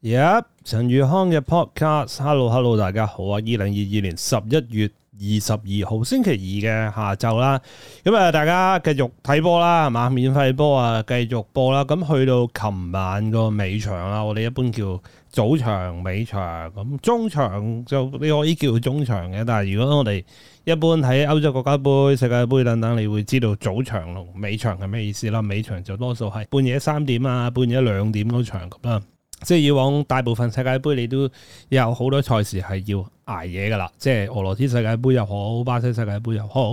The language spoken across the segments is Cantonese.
而家陳宇康嘅 podcast，hello hello，大家好啊！二零二二年十一月二十二號星期二嘅下晝啦，咁啊，大家繼續睇波啦，係嘛？免費波啊，繼續播啦。咁去到琴晚個尾場啊，我哋一般叫早場、尾場，咁中場就你可以叫佢中場嘅。但係如果我哋一般喺歐洲國家杯、世界杯等等，你會知道早場同尾場係咩意思啦。尾場就多數係半夜三點啊，半夜兩點嗰場咁啦。即係以往大部分世界盃，你都有好多賽事係要捱夜噶啦。即係俄羅斯世界盃又好，巴西世界盃又好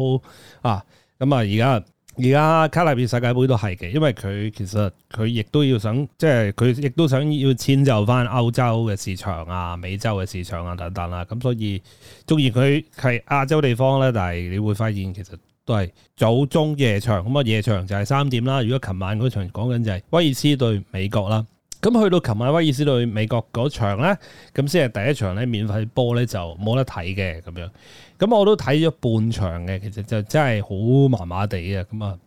啊。咁、嗯、啊，而家而家卡塔爾世界盃都係嘅，因為佢其實佢亦都要想，即係佢亦都想要遷就返歐洲嘅市場啊、美洲嘅市場啊等等啦、啊。咁、嗯、所以鍾意佢喺亞洲地方咧，但係你會發現其實都係早中夜場。咁啊，夜場就係三點啦。如果琴晚嗰場講緊就係威爾斯對美國啦。咁去到琴晚威爾斯對美國嗰場咧，咁先係第一場咧，免費波咧就冇得睇嘅咁樣。咁我都睇咗半場嘅，其實就真係好麻麻地啊！咁啊，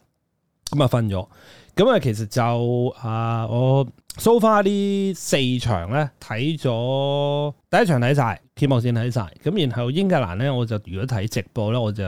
咁啊瞓咗。咁啊，其實就啊，我 so far 呢四場咧，睇咗第一場睇晒。希望先睇晒。咁然後英格蘭咧，我就如果睇直播咧，我就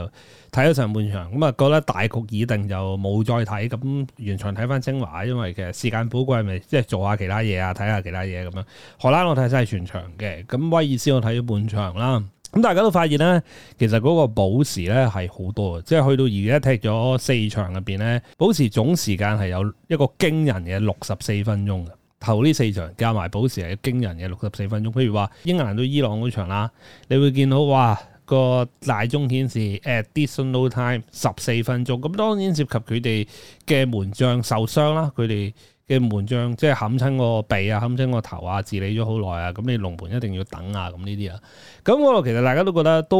睇咗上半場，咁啊覺得大局已定就冇再睇，咁完場睇翻精華，因為其實時間寶貴，咪即係做下其他嘢啊，睇下其他嘢咁樣。荷蘭我睇曬全場嘅，咁威爾斯我睇咗半場啦，咁、嗯、大家都發現咧，其實嗰個補時咧係好多，即係去到而家踢咗四場入邊咧，補時總時間係有一個驚人嘅六十四分鐘。頭呢四場加埋補時係驚人嘅六十四分鐘。譬如話英格蘭到伊朗嗰場啦，你會見到哇、個大鐘顯示 additional time 十四分鐘。咁當然涉及佢哋嘅門將受傷啦，佢哋嘅門將即係冚親個鼻啊、冚親個頭啊，治理咗好耐啊。咁你龍門一定要等啊，咁呢啲啊。咁、那、我、個、其實大家都覺得都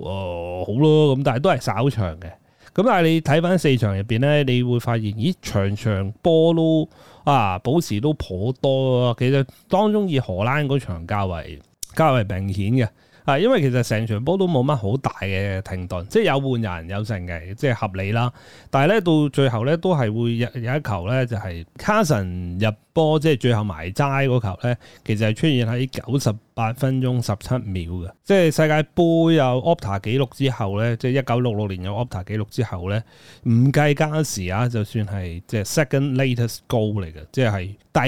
誒、呃、好咯。咁但係都係稍長嘅。咁但係你睇翻四場入邊咧，你會發現咦，場場波都～啊，補時都頗多啊。其實當中以荷蘭嗰場較為較為明顯嘅。啊，因為其實成場波都冇乜好大嘅停頓，即係有換人有成嘅，即係合理啦。但係咧到最後咧都係會有有一球咧就係 Carson 入波，即係最後埋齋嗰球咧，其實係出現喺九十八分鐘十七秒嘅，即係世界盃有 OPTA 紀錄之後咧，即係一九六六年有 OPTA 紀錄之後咧，唔計加時啊，就算係即係 second latest goal 嚟嘅，即係第二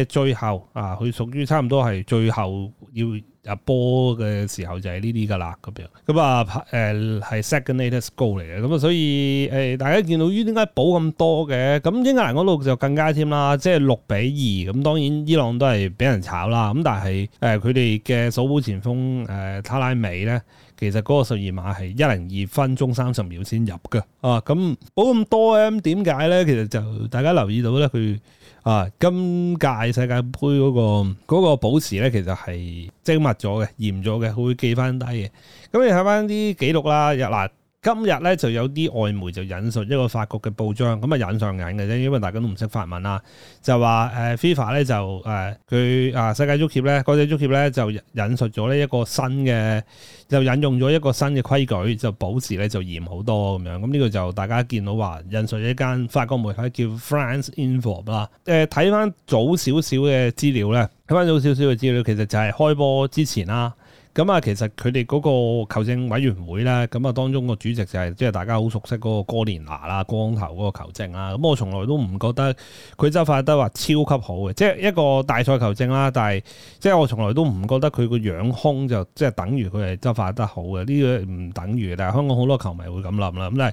嘅最後啊，佢屬於差唔多係最後要。入波嘅時候就係呢啲㗎啦，咁樣咁啊誒係 second latest goal 嚟嘅，咁啊所以誒、呃、大家見到於點解補咁多嘅？咁英格蘭嗰度就更加添啦，即係六比二，咁當然伊朗都係俾人炒啦，咁但係誒佢哋嘅首護前鋒誒、呃、塔拉美咧。其實嗰個十二碼係一零二分鐘三十秒先入㗎，啊咁補咁多 m 咁點解咧？其實就大家留意到咧，佢啊今屆世界盃嗰、嗰個嗰個補時咧，其實係精密咗嘅，嚴咗嘅，佢會記翻低嘅。咁你睇翻啲紀錄啦，又、啊、嗱。今日咧就有啲外媒就引述一個法國嘅報章，咁啊引上眼嘅啫，因為大家都唔識法文啦，就話誒 FIFA 咧就誒佢啊世界足協咧國際足協咧就引述咗呢一個新嘅，就引用咗一個新嘅規矩，就補時咧就嚴好多咁樣。咁、這、呢個就大家見到話引述一間法國媒體叫 France Info 啦。誒睇翻早少少嘅資料咧，睇翻早少少嘅資料，其實就係開波之前啦。咁啊，其實佢哋嗰個球證委員會咧，咁啊當中個主席就係、是、即係大家好熟悉嗰個哥連拿啦，光頭嗰個球證啦。咁我從來都唔覺得佢執法得話超級好嘅，即係一個大賽球證啦。但係即係我從來都唔覺得佢個樣兇，就即係等於佢係執法得好嘅。呢個唔等於，但係香港好多球迷會咁諗啦。咁但係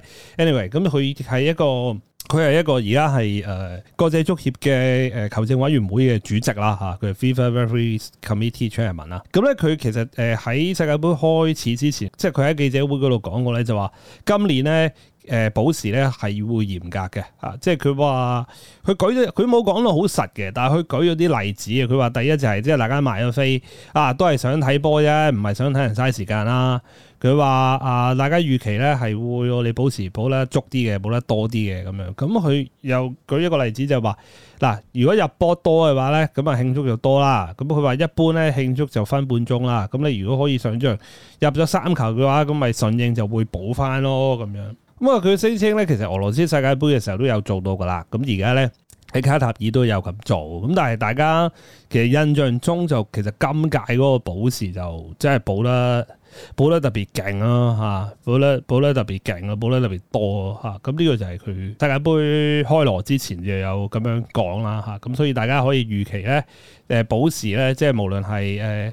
anyway，咁佢係一個。佢係一個而家係誒國際足協嘅誒球證委員會嘅主席啦嚇，佢係 FIFA referees committee chairman 啦。咁咧佢其實誒喺世界盃開始之前，即係佢喺記者會嗰度講過咧，就話今年咧。誒保時咧係會嚴格嘅，啊，即係佢話佢舉咗佢冇講到好實嘅，但係佢舉咗啲例子嘅。佢話第一就係、是、即係大家買咗飛啊，都係想睇波啫，唔係想睇人嘥時間啦。佢話啊，大家預期咧係會我哋保時保得足啲嘅，保得多啲嘅咁樣。咁、啊、佢又舉一個例子就話嗱、啊，如果入波多嘅話咧，咁啊慶祝就多啦。咁佢話一般咧慶祝就分半鐘啦。咁你如果可以想像入咗三球嘅話，咁咪順應就會補翻咯咁樣。咁啊，佢聲稱咧，其實俄羅斯世界盃嘅時候都有做到噶啦。咁而家咧喺卡塔爾都有咁做。咁但係大家其實印象中就其實今屆嗰個補時就真係補得補得特別勁啦、啊，嚇補得補得特別勁啊，補得特別多啊，咁、啊、呢、這個就係佢世界盃開鑼之前就有咁樣講啦，嚇、啊、咁所以大家可以預期咧，誒、呃、補時咧，即係無論係誒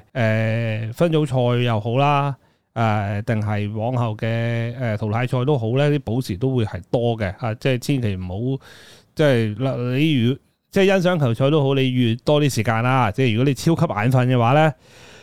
誒分組賽又好啦。誒，定係、呃、往後嘅誒淘汰賽都好咧，啲補時都會係多嘅吓、啊，即係千祈唔好即係啦、啊。你如即係欣賞球賽都好，你越多啲時間啦、啊。即係如果你超級眼瞓嘅話咧，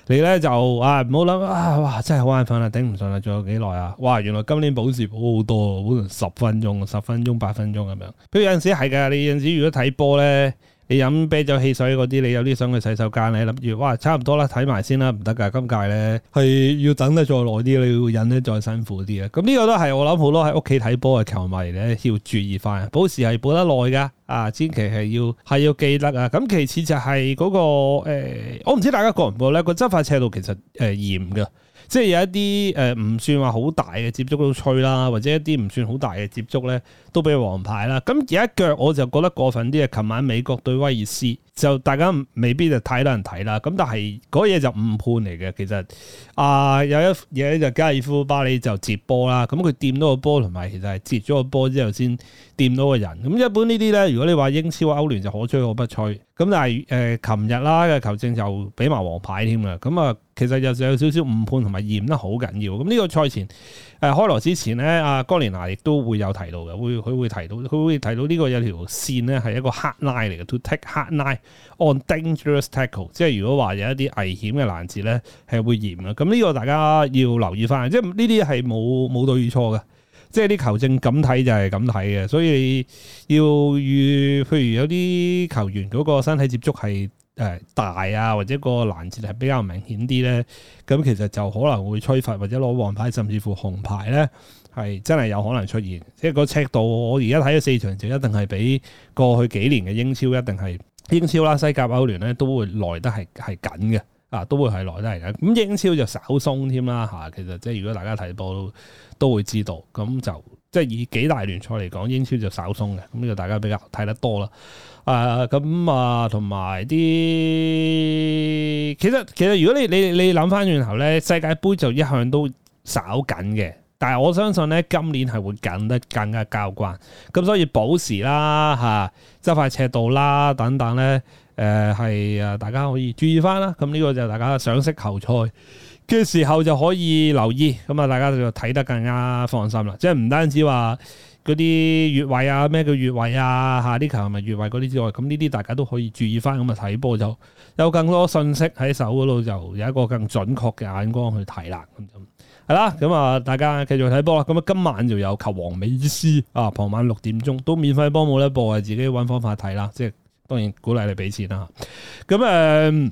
你咧就啊唔好諗啊哇，真係好眼瞓啦，頂唔順啦，仲有幾耐啊？哇，原來今年補時好好多，補到十分鐘、十分鐘、八分鐘咁樣。譬如有陣時係噶，你有陣時如果睇波咧。你飲啤酒汽水嗰啲，你有啲想去洗手間，你諗住哇，差唔多啦，睇埋先啦，唔得噶，今屆咧係要等得再耐啲，你要忍得再辛苦啲嘅。咁呢個都係我諗好多喺屋企睇波嘅球迷咧要注意返，補時係補得耐噶，啊，千祈係要係要記得啊。咁其次就係嗰、嗰個、呃、我唔知大家覺唔覺咧，個執法尺度其實誒嚴噶。呃即係有一啲誒唔算話好大嘅接觸都吹啦，或者一啲唔算好大嘅接觸咧，都畀佢黃牌啦。咁有一腳我就覺得過分啲嘅，琴晚美國對威爾斯。就大家未必就太多人睇啦，咁但係嗰嘢就誤判嚟嘅。其實啊、呃，有一嘢就加爾夫巴里就接波啦，咁佢掂到個波同埋其實係接咗個波之後先掂到個人。咁一般呢啲咧，如果你話英超歐聯就可吹可不吹。咁、嗯、但係誒，琴、呃、日啦嘅球證就俾埋黃牌添啦。咁、嗯、啊，其實就有少少誤判同埋嚴得好緊要。咁、嗯、呢、這個賽前誒、呃、開羅之前咧，阿、啊、哥連拿亦都會有提到嘅，會佢會提到佢會提到呢個有條線咧係一個 hard line 嚟嘅，to take hard line。On dangerous tackle，即係如果話有一啲危險嘅攔截咧，係會嚴嘅。咁呢個大家要留意翻，即係呢啲係冇冇對與錯嘅，即係啲球證咁睇就係咁睇嘅。所以要預，譬如有啲球員嗰個身體接觸係誒、呃、大啊，或者個攔截係比較明顯啲咧，咁其實就可能會吹罰或者攞黃牌，甚至乎紅牌咧，係真係有可能出現。即係個尺度，我而家睇咗四場就一定係比過去幾年嘅英超一定係。英超啦、西甲、歐聯咧，都會來得係係緊嘅，啊，都會係來得係緊。咁、嗯、英超就稍鬆添啦，嚇、啊，其實即係如果大家睇波都都會知道，咁、嗯、就即係以幾大聯賽嚟講，英超就稍鬆嘅，咁、嗯、就大家比較睇得多啦。啊，咁啊，同埋啲其實其實，其實如果你你你諗翻轉頭咧，世界盃就一向都稍緊嘅。但係我相信呢，今年係會緊得更加交關，咁、嗯、所以補時啦，吓執法尺度啦等等呢，誒係誒大家可以注意翻啦。咁、嗯、呢、這個就大家賞識球賽嘅時候就可以留意，咁、嗯、啊大家就睇得更加放心啦。即係唔單止話嗰啲越位啊，咩叫越位啊，下啲球係咪越位嗰啲之外，咁呢啲大家都可以注意翻，咁啊睇波就有更多信息喺手嗰度，就有一個更準確嘅眼光去睇啦，咁、嗯係啦，咁啊、嗯，大家繼續睇波啦。咁啊，今晚就有球王美斯啊，傍晚六點鐘都免費波冇得播，自己揾方法睇啦。即係當然鼓勵你俾錢啦。咁、啊、誒、嗯，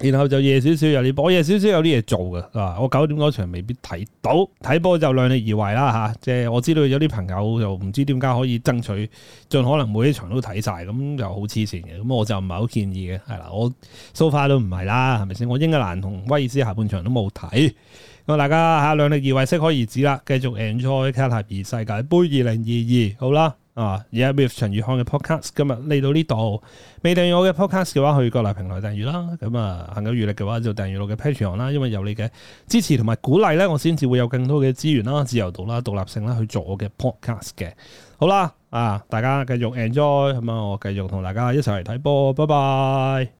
然後就夜少少有啲波，夜少少有啲嘢做嘅啊。我九點嗰場未必睇到，睇波就量力而為啦嚇、啊。即係我知道有啲朋友就唔知點解可以爭取盡可能每一場都睇晒，咁就好黐線嘅。咁我就唔係好建議嘅。係啦，我蘇、so、far 都唔係啦，係咪先？我英格蘭同威爾斯下半場都冇睇。咁大家吓，量力而為，適可而止啦，繼續 enjoy 睇下卡塔爾世界杯二零二二好啦。啊，而家 with 陳宇康嘅 podcast 今日嚟到呢度，未訂閱我嘅 podcast 嘅話，去各大平台訂閱啦。咁、嗯、啊，行有餘力嘅話，就訂閱我嘅 patreon 啦。因為有你嘅支持同埋鼓勵咧，我先至會有更多嘅資源啦、自由度啦、獨立性啦，去做我嘅 podcast 嘅。好啦，啊，大家繼續 enjoy，咁啊，我繼續同大家一齊嚟睇波，拜拜。